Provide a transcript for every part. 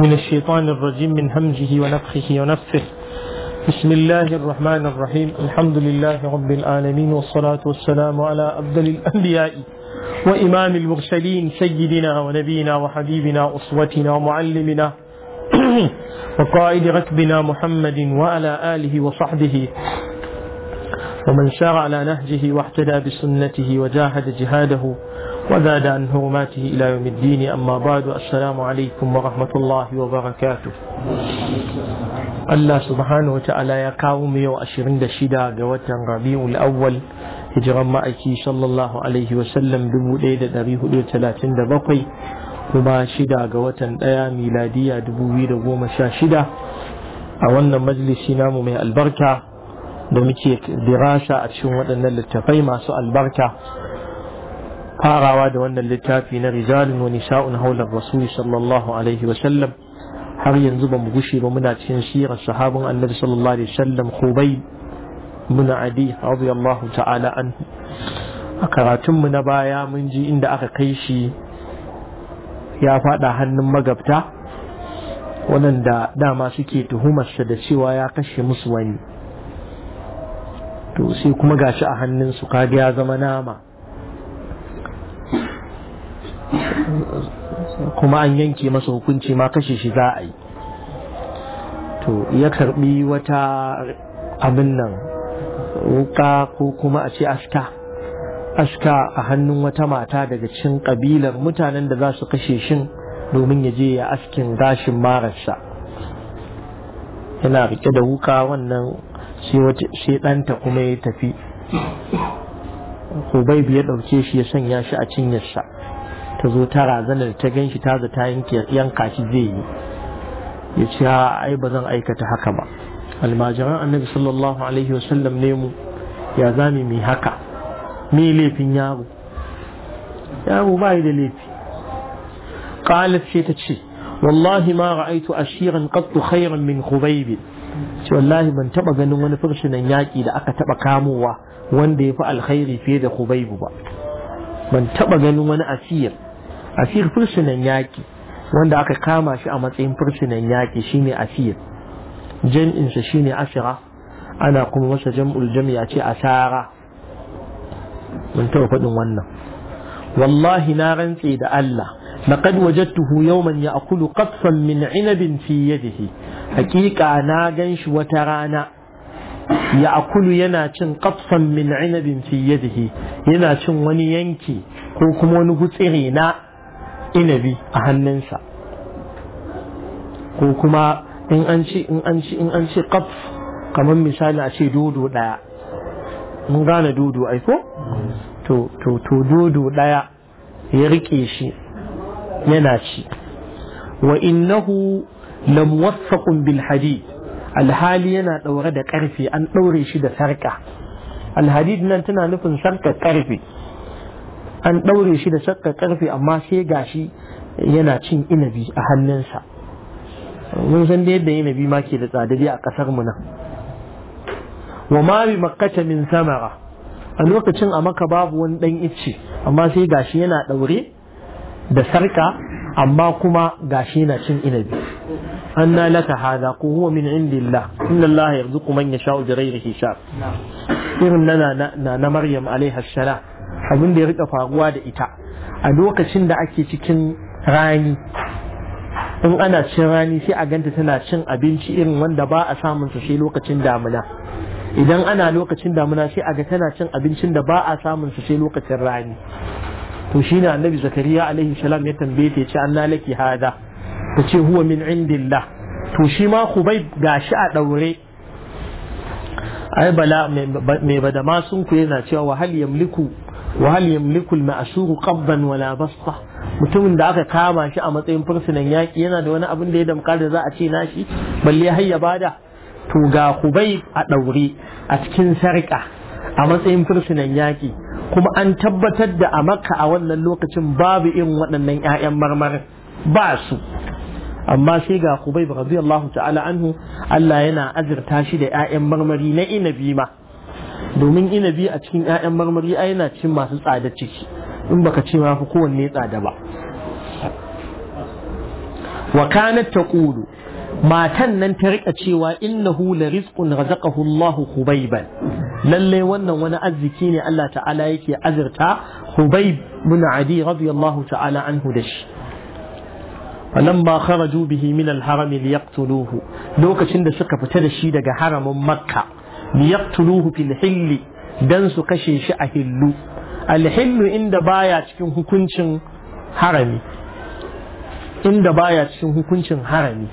من الشيطان الرجيم من همزه ونفخه ونفخه بسم الله الرحمن الرحيم الحمد لله رب العالمين والصلاة والسلام على أبدل الأنبياء وإمام المرسلين سيدنا ونبينا وحبيبنا أسوتنا ومعلمنا وقائد ركبنا محمد وعلى آله وصحبه ومن سار على نهجه واحتدى بسنته وجاهد جهاده وزاد عن حرماته إلى يوم الدين أما بعد السلام عليكم ورحمة الله وبركاته Allah subhanahu wa ta'ala ya kawo mu yau 26 ga watan Rabi'ul Awwal hijiran ma'aiki sallallahu alaihi wa sallam 1437 kuma shida ga watan ɗaya miladiya 2016 a wannan majalisi namu mai albarka da muke dirasa a cikin waɗannan littafai masu albarka farawa da wannan littafi na Rizalin wani nisa'un haular rasuli sallallahu alaihi wa sallam har yanzu ba mu gushe ba muna cikin sirar sahabin annabi sallallahu alaihi wa sallam khubayb adi radiyallahu ta'ala anhu a karatun mu na baya mun ji inda aka kai shi ya fada hannun magabta waɗanda dama suke tuhumarsa da cewa ya kashe musu wani to sai kuma gashi a hannun su kaga ya zama nama kuma an yanke masa hukunci ma kashe shi za a yi to ya karbi wata abin nan wuka ko kuma a ce aska aska a hannun wata mata daga cin kabilar mutanen da za su kashe shin domin ya je ya askin gashin mararsa yana rike da wuka wannan sai ɗanta kuma ya tafi bai ya ɗauke shi ya sanya shi a cinyarsa ta zo ta razana ta gan shi ta zata yanka shi zai yi ya ce ai ba zan aikata haka ba almajiran annabi sallallahu alaihi wasallam ne mu ya zami mai haka me laifin yaro yaro ba da laifi qalat sai ta ce wallahi ma ra'aitu ashiran qattu khairan min khubayb ce wallahi ban taba ganin wani fursunan yaƙi da aka taba kamowa wanda ya fi alkhairi fiye da khubayb ba ban taba ganin wani asir asir fursunan yaƙi wanda aka kama shi a matsayin fursunan yaƙi shine asir jam'insa shine asira ana kuma masa jam'ul jam'i ce asara mun taɓa faɗin wannan wallahi na rantse da Allah laqad wajadtuhu yawman ya'kulu qatfan min 'inabin fi yadihi haqiqa na ganshi wata rana ya'kulu yana cin qatfan min 'inabin fi yadihi yana cin wani yanki ko kuma wani gutsiri na inabi a hannunsa ko kuma in an ci in an in an kamar misali a ce dodo daya mun gane dodo ai ko to to to dodo daya ya rike shi yana ci wa innahu lam waffaqun bil hadid alhali yana daure da ƙarfe an daure shi da sarka alhadid nan tana nufin sarka ƙarfe. an ɗaure shi da sakka karfe amma sai gashi yana cin inabi a hannunsa mun san da yadda inabi ma ke da tsadari a ƙasar mu nan wa ma bi makkata min samara a lokacin a maka babu wani ɗan icce amma sai gashi yana ɗaure da sarka amma kuma gashi yana cin inabi An laka hada ko huwa min indillah inna Allah yarzuqu man yasha'u bi ghairi hisab irin nana na Maryam alaiha salam abin da ya rika faruwa da ita a lokacin da ake cikin rani in ana cin rani sai a ganta tana cin abinci irin wanda ba a samun sa sai lokacin damuna idan ana lokacin damuna sai a ga tana cin abincin da ba a samun sa sai lokacin rani to shine annabi zakariya alaihi salam ya tambaye ta ce anna laki hada ta ce huwa min indillah to shi ma hubai gashi a daure ai bala mai badama sun ku yana cewa wahal yamliku wahal yamliku al-ma'sur qabdan wala basta mutumin da aka kama shi a matsayin fursunan yaki yana da wani abin da ya damka da za a ce nashi balle har ya bada to ga kubai a daure a cikin sarƙa a matsayin fursunan yaki kuma an tabbatar da a makka a wannan lokacin babu irin waɗannan 'ya'yan marmarin ba su amma sai ga kubai radiyallahu ta'ala anhu Allah yana azurta shi da 'ya'yan marmari na inabi ma domin inabi a cikin 'ya'yan marmari ai yana cin masu tsada ciki in baka ce ma fi kowanne tsada ba wa ta taqulu matan nan ta rika cewa innahu la rizqun razaqahu Allahu Hubayban lalle wannan wani arziki ne Allah ta'ala yake azurta Hubayb bin Adi radiyallahu ta'ala anhu da shi فلما خرجوا به من الحرم ليقتلوه Lokacin da suka fita da shi daga haramin Makka liyaqtuluhu fil hill dan su kashe shi a hillu hill inda baya cikin hukuncin harami inda baya cikin hukuncin harami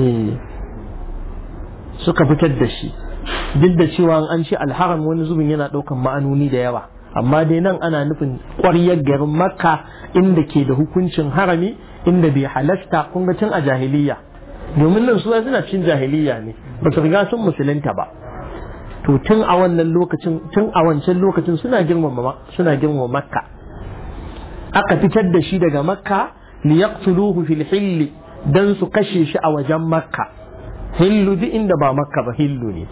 eh. suka fitar da shi duk da cewa an ce alharam wani zubin yana ɗaukan ma'anoni da yawa amma dai nan ana nufin ƙwaryar garin makka inda ke da hukuncin harami inda bai halasta kun ga tun a jahiliya domin nan su suna cin jahiliya ne ba su riga sun musulunta ba to tun a wannan lokacin tun a wancan lokacin suna girmama suna girmama makka aka fitar da shi daga makka liyaqtuluhu fil hill dan su kashe shi a wajen makka hillu duk inda ba makka ba hillu ne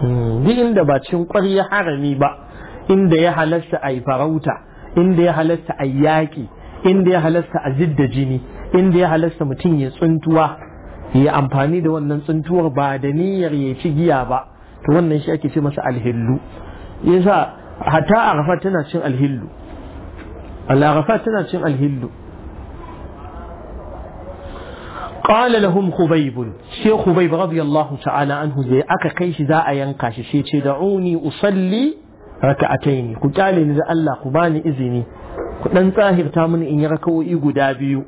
hmm, duk inda ba cin ƙwarya harami ba inda ya halasta a farauta inda ya halasta a yaƙi inda ya halasta a zidda jini inda ya halasta mutum ya tsuntuwa ya amfani da wannan tsuntuwar ba da niyyar ya ci giya ba to wannan shi ake ce masa alhillu yasa hatta arafa tana cin alhillu al'arafa tana cin alhillu قال لهم خبيب شيخ خبيب رضي الله تعالى عنه زي أكا كيش ذا ينقاش شيء دعوني أصلي ركعتين قتالي نزا الله قباني إذني قلن طاهر تامن إن يركو إيقو دابيو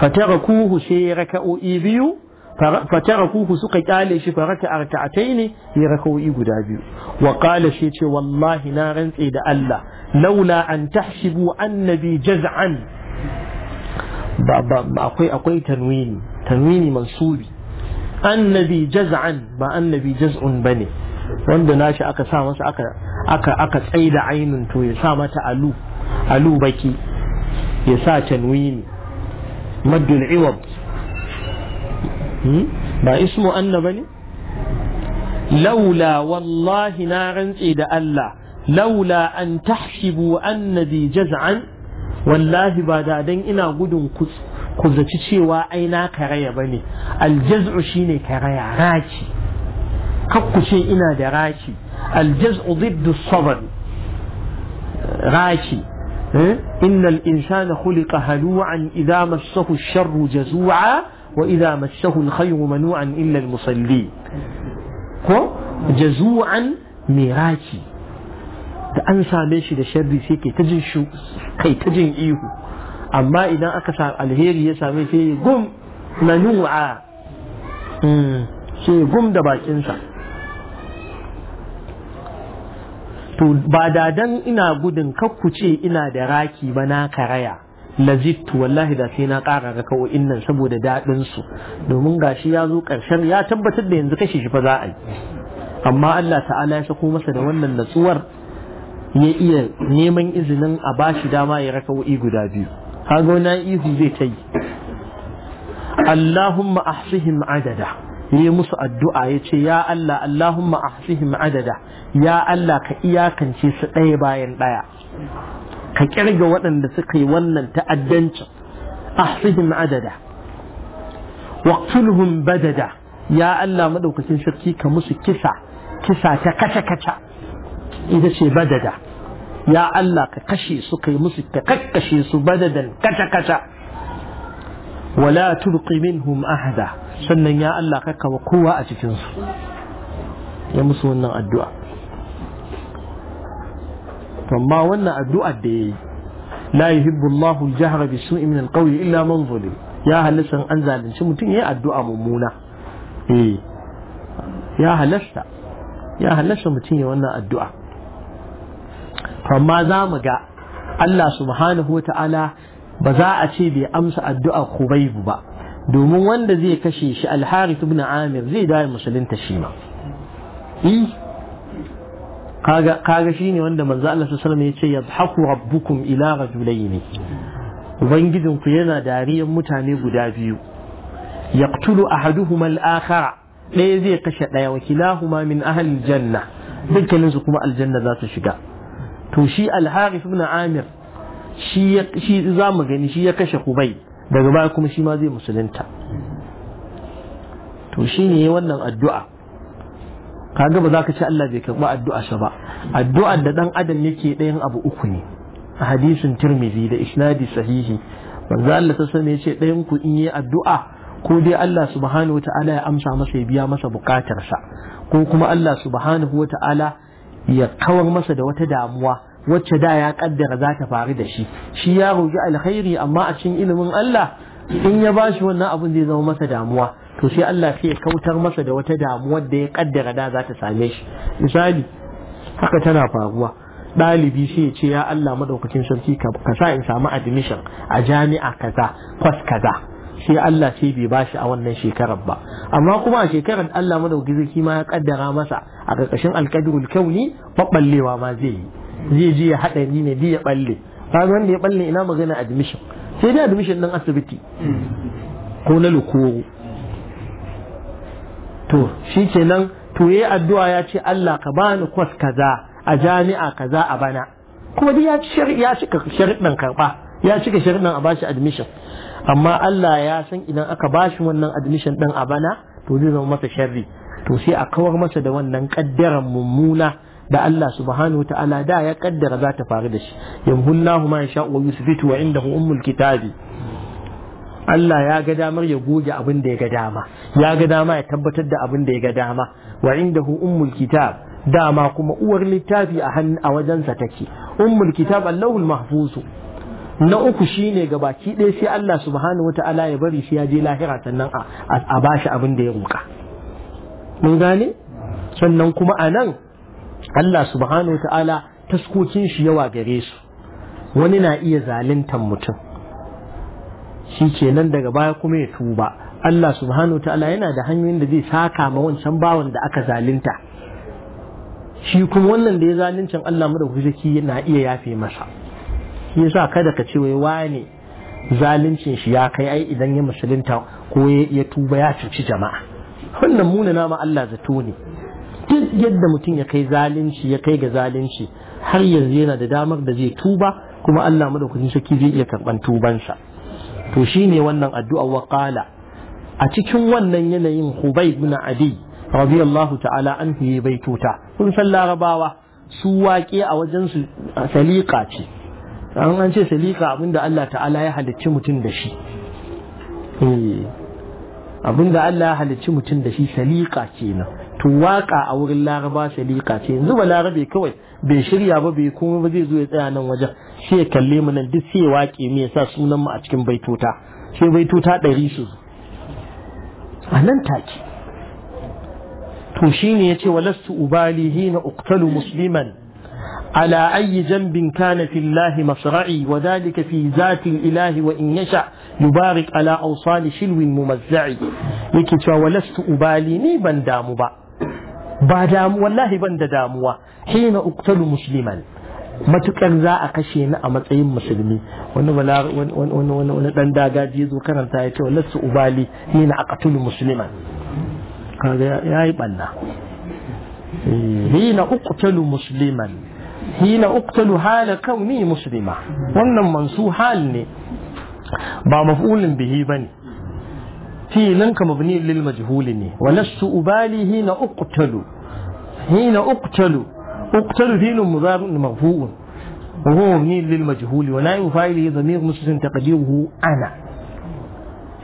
فتركوه شيء ركعو إيبيو kuku suka kyale shi faraka arka'atai ne ya raka'o'i guda biyu wa qala shi ce wallahi na rantse da Allah laula an tahsibu annabi jaz'an ba ba akwai akwai tanwini tanwini mansubi annabi jaz'an ba annabi jaz'un bane wanda nashi aka sa masa aka aka aka tsaida ainin to ya sa mata alu alu baki ya sa tanwini maddul iwab ba ismu anna ba ne laula wallahi na rantse da Allah laula an tahsibu annabi jaz'an wallahi ba da dan ina gudun ku zaci cewa ai na karaya bane aljaz'u shine karaya raki kakku ce ina da raki aljaz'u diddu sabr raki innal insana khuliqa halu'an idza massahu ash-sharru jazu'a وإذا مسه الخير منوعا إلا المصلي ko jazu'an raki. da an same shi da sharri sai ke ta jin shu kai ta jin ihu amma idan aka sa alheri ya same ya gum manu'a sai gum da bakinsa to ba dadan ina gudun ce ina da raki ba na karaya lazittu wallahi da sai na ƙara raka'o'in nan saboda daɗin su domin gashi ya zo ƙarshen ya tabbatar da yanzu kashe shi fa za a yi amma Allah ta'ala ya sako masa da wannan natsuwar ya iya neman izinin a bashi dama ya raka'o'i guda biyu kaga na ihu zai ta yi Allahumma ahsihim adada yi musu addu'a ya ce, “Ya Allah, Allahumma ahsihim adada, ya Allah ka iyakance su ɗaya bayan ɗaya, ka kirga waɗanda suka yi wannan ta'addancin ahsihim adada waqtulhum badada ya Allah madaukakin sarki ka musu kisa kisa ta kace kace ita ce badada ya Allah ka kashe su kai musu ka kakkashe su badadan kaca-kaca. wala tulqi minhum ahada sannan ya Allah ka kawo kowa a cikin su ya musu wannan addu'a amma wannan addu'ar da yayi la yuhibbu Allahu al-jahra bisu'i min al-qawli illa man zulim ya halasta an zalunci mutum yayi addu'a mummuna eh ya halasta ya halasta mutum yayi wannan addu'a amma za mu ga Allah subhanahu wa ta'ala ba za a ce bai amsa addu'a Kubaybu ba domin wanda zai kashe shi Al-Harith ibn Amir zai dawo musulunta shi ma eh, kaga shine wanda manzo Allah sallallahu alaihi wasallam yace yadhaku rabbukum ila rajulaini ubangijin ku yana dariyan mutane guda biyu yaqtulu ahaduhuma al-akhara ɗaya zai kashe ɗaya wa kilahuma min ahli janna dukkanin su kuma aljanna za su shiga to shi al-harith ibn amir shi shi za gani shi ya kashe kubai daga baya kuma shi ma zai musulunta to shine wannan addu'a ka ba za ka ci Allah bai karɓi addu'a sa ba addu'a da ɗan adam yake ɗayan abu uku ne a hadisin da isnadi sahihi manzo Allah ta sani yace ɗayan ku in yi addu'a ko dai Allah subhanahu wata'ala ya amsa masa ya biya masa bukatarsa ko kuma Allah subhanahu wata'ala ya kawar masa da wata damuwa wacce da ya kaddara za ta faru da shi shi ya roƙi alkhairi amma a cikin ilimin Allah in ya bashi wannan abin zai zama masa damuwa to sai Allah sai ya kautar masa da wata damuwar da ya kaddara da za ta same shi misali haka tana faruwa ɗalibi sai ya ce ya Allah madaukakin sarki ka sa in samu admission a jami'a kaza kwas kaza sai Allah sai bai bashi a wannan shekarar ba amma kuma a shekarar Allah madaukakin sarki ma ya kaddara masa a ƙarƙashin alƙadirul kauni maɓallewa ma zai yi zai je ya haɗa ni ne ya balle ga wanda ya balle ina magana admission sai dai admission ɗin asibiti ko na lukuru. to shi kenan to yi addu'a ya ce Allah ka bani kwas kaza a jami'a kaza a bana kuma dai ya cika karɓa ya cika shariɗan a ba shi admission amma Allah ya san idan aka ba shi wannan admission ɗin a bana to zai zama masa sharri to sai a kawar masa da wannan kaddaran mummuna da Allah subhanahu ta'ala da ya kaddara za ta faru da shi yamhullahu ma yasha wa yusbitu wa indahu ummul kitabi Allah ya ga damar ya goge abin da ya ga dama ya ga dama ya tabbatar da abin da ya ga dama wa indahu ummul kitab dama kuma uwar littafi a hannu a wajensa take ummul kitab allahul mahfuzu na uku shine ga baki ɗaya sai Allah subhanahu wata'ala ya bari shi ya je lahira sannan a bashi abin da ya roka mun gane sannan kuma a nan Allah subhanahu wata'ala taskokin shi yawa gare su wani na iya zaluntar mutum shi nan daga baya kuma ya tuba Allah subhanahu wa ta'ala yana da hanyoyin da zai saka ma wancan bawan da aka zalunta shi kuma wannan da ya zaluncin Allah madaukaki yana iya yafe masa shi yasa kada ka ce wai wane zaluncin shi ya kai ai idan ya musulunta ko ya tuba ya cuci jama'a wannan muna nama Allah zato ne duk yadda mutum ya kai zalunci ya kai ga zalunci har yanzu yana da damar da zai tuba kuma Allah da sarki zai iya karban tubansa to shi ne wannan addu'a wa ƙala a cikin wannan yanayin hubai ibn Adi radiyallahu ta'ala fiye bai tuta kun san larabawa su waƙe a wajen su salika ce an an ce salika abinda Allah ta'ala ya halicci mutum da shi eh, abinda Allah ya halicci mutum da shi salika kenan to waƙa a wurin laraba salika ce yanzu ba larabe kawai bai shirya ba bai kuma ba zai zo ya tsaya nan wajen sai ya kalle mu nan duk sai ya waƙe mu ya sa sunan mu a cikin baituta sai baituta ɗari su a nan take to shine yace walastu ubali hina uqtalu musliman ala ayi على أي ذنب كان في fi zati وذلك wa in yasha وإن ala awsal على أوصال yake cewa walastu ubali ni ban damu ba ba damu wallahi ban da damuwa hina uqtalu musliman matukar za a kashe ni a matsayin musulmi wani wani wani wani dan dagaji zo karanta ya ce wallahi ubali ni na aqtulu musliman kaga yayi banna eh, hina uqtalu musliman hina uqtalu hala kauni muslima wannan mansu hal ne ba maf'ulin bihi bane filin ka mabni lil majhuli ne walastu ubali hina uqtalu hina uqtalu اقتل فيل المضارع مرفوع وهو مبني للمجهول ونائب فاعله ضمير مسلم تقديره أنا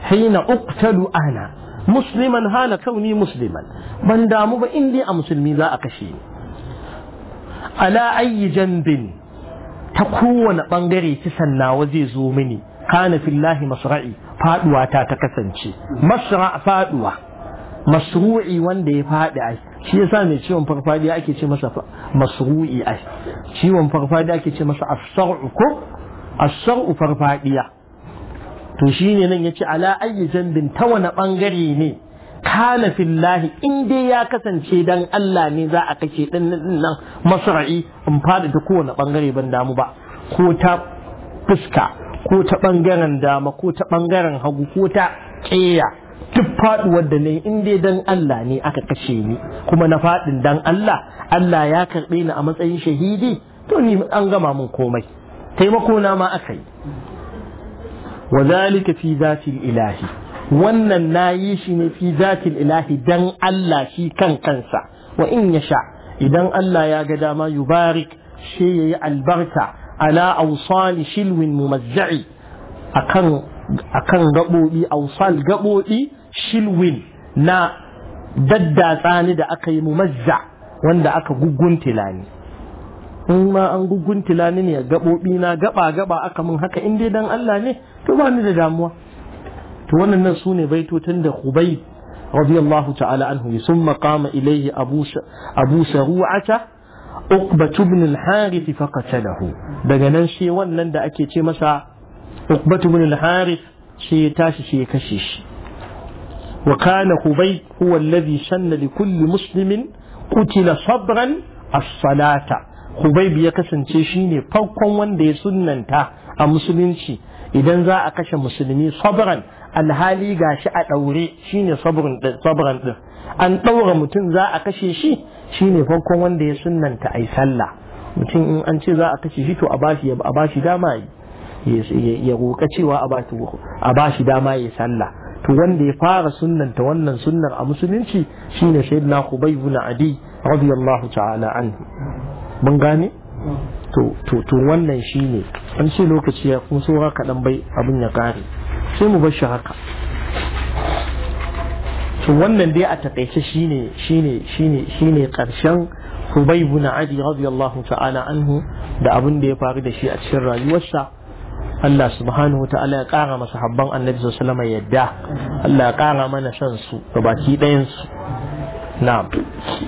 حين أقتل أنا مسلما حال كوني مسلما من دام بإني أمسلمي لا أكشي على أي جنب تكون بانغري تسنى وزي زومني كان في الله مصرعي فادوا تاتكسنشي مصرع فادوا مشروعي وان دي فادعي shi yasa mai ciwon farfadiya ake ce masa masru'i ai ciwon farfadiya ake ce masa Asaru. saru ko as farfadiya to shine nan yace ala ayi zambin ta wani bangare ne kana fillahi in dai ya kasance dan Allah ne za a kace din nan masra'i in fada ta kowane bangare ban damu ba ko ta fuska ko ta bangaren dama ko ta bangaren hagu ko ta ƙeya. duk faduwar da nayi in dai dan Allah ne aka kashe ni kuma na fadin dan Allah Allah ya karbe ni a matsayin shahidi to ni an gama mun komai taimako na ma aka yi wa zalika fi zatil ilahi wannan nayi shi ne fi zatil ilahi dan Allah shi kan kansa wa in yasha idan Allah ya ga dama yubarik shi yayi albarka ala awsali shilwin mumazza'i akan akan gaɓoɓi ausal gaɓoɓi shilwin na daddatsa ni da aka yi mumazza wanda aka guguntila ni in ma an guguntila ni ne gaɓoɓi na gaɓa gaɓa aka mun haka in dai dan Allah ne to ba ni da damuwa to wannan nan sune baitotin da Khubayb radiyallahu ta'ala anhu summa qama ilayhi abu abu saru'ata uqba ibn al-harith faqatalahu daga nan shi wannan da ake ce masa uqbatu bin al-harith shi ya tashi shi ya kashe shi wa kana hubay huwa alladhi shanna li kulli muslimin qutila sabran as-salata hubay ya kasance shine farkon wanda ya sunnanta a musulunci idan za a kashe musulmi sabran alhali gashi a daure shine sabran sabran din an daura mutum za a kashe shi shine farkon wanda ya sunnanta ai sallah mutum in an ce za a kashe shi to a bashi a bashi dama yi ya roƙa cewa a ba shi dama ya sallah to wanda ya fara sunanta wannan sunnar a musulunci shine sayyidina Hubay ibn Adi radiyallahu ta'ala anhu mun gane to to to wannan shine an ce lokaci ya kun so haka dan bai abin ya kare sai mu bar shi haka to wannan dai a takaice shine shine shine shine karshen Hubay ibn Adi radiyallahu ta'ala anhu da abin da ya faru da shi a cikin rayuwarsa Allah subhanahu wa ta'ala ya ƙara masa habban annabi sallallahu alaihi yadda Allah ya ƙara mana shan su gabaki ɗayan su na'am